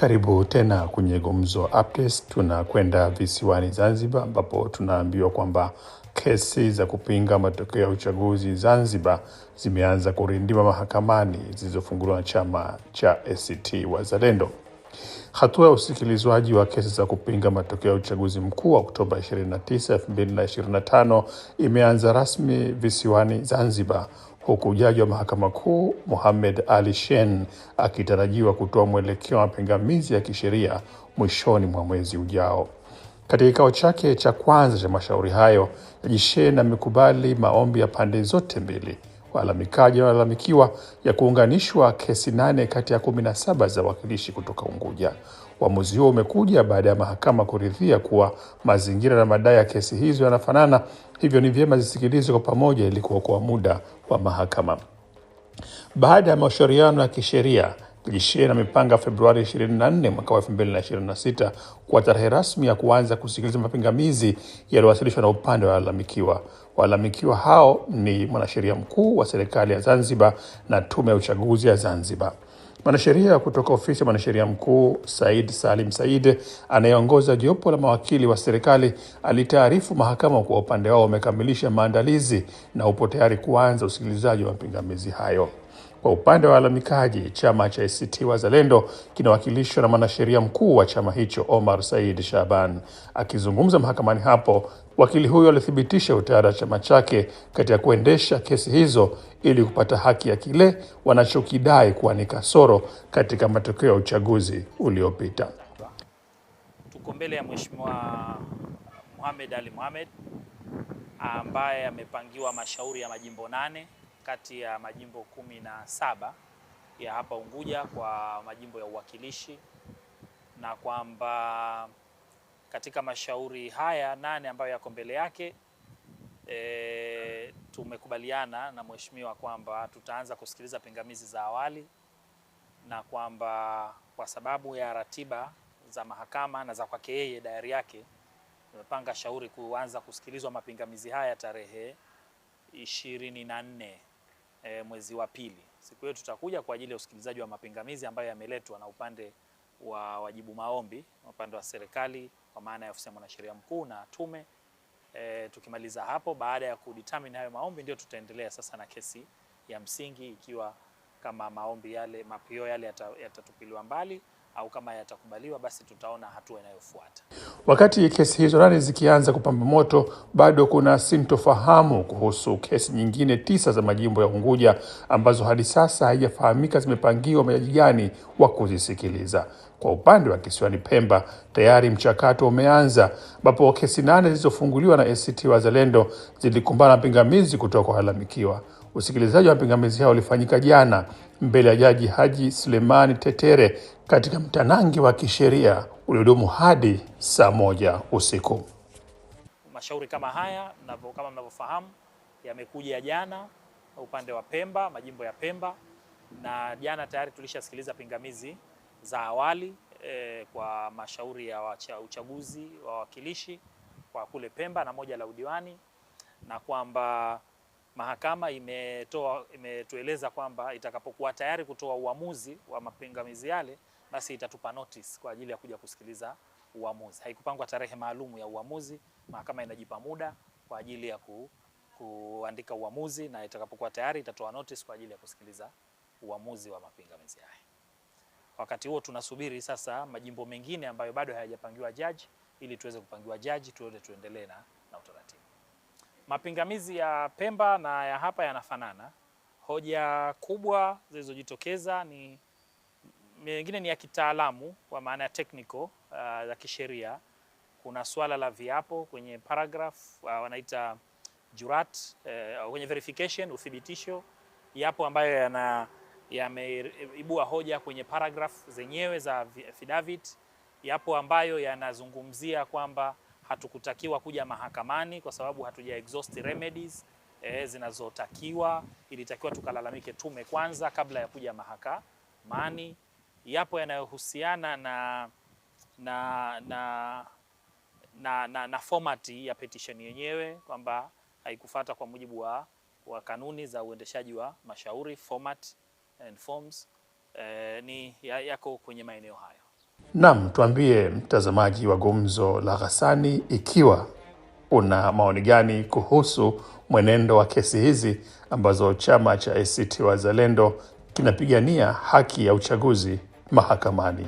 Karibu tena kwenye Gumzo Updates. Tunakwenda visiwani Zanzibar, ambapo tunaambiwa kwamba kesi za kupinga matokeo ya uchaguzi Zanzibar zimeanza kurindima mahakamani zilizofunguliwa na chama cha ACT Wazalendo. Hatua ya usikilizwaji wa kesi za kupinga matokeo ya uchaguzi mkuu wa Oktoba 29, 2025 imeanza rasmi visiwani Zanzibar huku jaji wa mahakama kuu Mohamed Ali shen akitarajiwa kutoa mwelekeo wa mapingamizi ya kisheria mwishoni mwa mwezi ujao. Katika kikao chake cha kwanza cha mashauri hayo, jaji Shen amekubali maombi ya pande zote mbili, walalamikaji wanalalamikiwa ya kuunganishwa kesi nane kati ya kumi na saba za wakilishi kutoka Unguja. Uamuzi huo umekuja baada ya mahakama kuridhia kuwa mazingira na madai ya kesi hizo yanafanana, hivyo ni vyema zisikilizwe kwa pamoja ili kuokoa muda wa mahakama. Baada ya mashauriano ya kisheria na amepanga Februari 24 mwaka wa 2026 kwa tarehe rasmi ya kuanza kusikiliza mapingamizi yaliyowasilishwa na upande wa walalamikiwa. Walalamikiwa hao ni mwanasheria mkuu wa serikali ya Zanzibar na tume ya uchaguzi ya Zanzibar. Mwanasheria kutoka ofisi ya mwanasheria mkuu Said Salim Said anayeongoza jopo la mawakili wa serikali alitaarifu mahakama kwa upande wao wamekamilisha maandalizi na upo tayari kuanza usikilizaji wa mapingamizi hayo. Kwa upande wa walalamikaji, chama cha ACT Wazalendo kinawakilishwa na mwanasheria mkuu wa chama hicho Omar Said Shaban. Akizungumza mahakamani hapo, wakili huyo alithibitisha utayari wa chama chake katika kuendesha kesi hizo ili kupata haki ya kile wanachokidai kuwa ni kasoro katika matokeo ya uchaguzi uliopita. Tuko mbele ya Mheshimiwa Mohamed Ali Mohamed ambaye amepangiwa mashauri ya majimbo nane kati ya majimbo kumi na saba ya hapa Unguja kwa majimbo ya uwakilishi na kwamba katika mashauri haya nane ambayo yako mbele yake e, tumekubaliana na mheshimiwa kwamba tutaanza kusikiliza pingamizi za awali na kwamba kwa sababu ya ratiba za mahakama na za kwake yeye dayari yake tumepanga shauri kuanza kusikilizwa mapingamizi haya tarehe ishirini na nne e, mwezi wa pili. Siku hiyo tutakuja kwa ajili ya usikilizaji wa mapingamizi ambayo yameletwa na upande wa wajibu maombi, upande wa serikali kwa maana ya ofisi ya mwanasheria mkuu na tume. E, tukimaliza hapo, baada ya kudetermine hayo maombi, ndio tutaendelea sasa na kesi ya msingi, ikiwa kama maombi yale mapio yale yatatupiliwa yata mbali au kama yatakubaliwa basi tutaona hatua inayofuata. Wakati kesi hizo nane zikianza kupamba moto, bado kuna sintofahamu kuhusu kesi nyingine tisa za majimbo ya Unguja ambazo hadi sasa haijafahamika zimepangiwa majaji gani wa kuzisikiliza. Kwa upande wa kisiwani Pemba tayari mchakato umeanza, ambapo kesi nane zilizofunguliwa na ACT Wazalendo zilikumbana na pingamizi kutoka kwa walalamikiwa. Usikilizaji wa pingamizi hao ulifanyika jana mbele ya Jaji Haji Sulemani Tetere katika mtanangi wa kisheria uliodumu hadi saa moja usiku. Mashauri kama haya kama mnavyofahamu, yamekuja jana upande wa Pemba, majimbo ya Pemba, na jana tayari tulishasikiliza pingamizi za awali e, kwa mashauri ya wacha, uchaguzi wa wawakilishi kwa kule Pemba na moja la udiwani na kwamba Mahakama imetoa imetueleza kwamba itakapokuwa tayari kutoa uamuzi wa mapingamizi yale, basi itatupa notice kwa ajili ya kuja kusikiliza uamuzi. Haikupangwa tarehe maalumu ya uamuzi. Mahakama inajipa muda kwa ajili ya ku, kuandika uamuzi na itakapokuwa tayari itatoa notice kwa ajili ya kusikiliza uamuzi wa mapingamizi yale. Wakati huo tunasubiri sasa majimbo mengine ambayo bado hayajapangiwa jaji ili tuweze kupangiwa jaji tuone tuendelee na, na utaratibu. Mapingamizi ya Pemba na ya hapa yanafanana. Hoja kubwa zilizojitokeza ni mengine ni ya kitaalamu kwa maana ya technical uh, za uh, kisheria. Kuna swala la viapo kwenye paragraph uh, wanaita jurat uh, kwenye verification, uthibitisho. Yapo ambayo yana yameibua hoja kwenye paragraph zenyewe za affidavit, yapo ambayo yanazungumzia kwamba hatukutakiwa kuja mahakamani kwa sababu hatuja exhaust remedies e, zinazotakiwa. Ilitakiwa tukalalamike tume kwanza kabla ya kuja mahakamani. Yapo yanayohusiana na, na, na, na, na, na fomati ya petition yenyewe kwamba haikufata kwa mujibu wa, wa kanuni za uendeshaji wa mashauri format and forms. E, ni yako kwenye maeneo hayo. Naam, tuambie mtazamaji wa Gumzo la Ghassani ikiwa una maoni gani kuhusu mwenendo wa kesi hizi ambazo chama cha ACT Wazalendo kinapigania haki ya uchaguzi mahakamani.